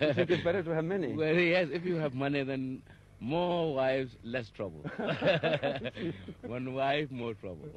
it's better to have many. Well, yes, if you have money, then more wives, less trouble. One wife, more trouble.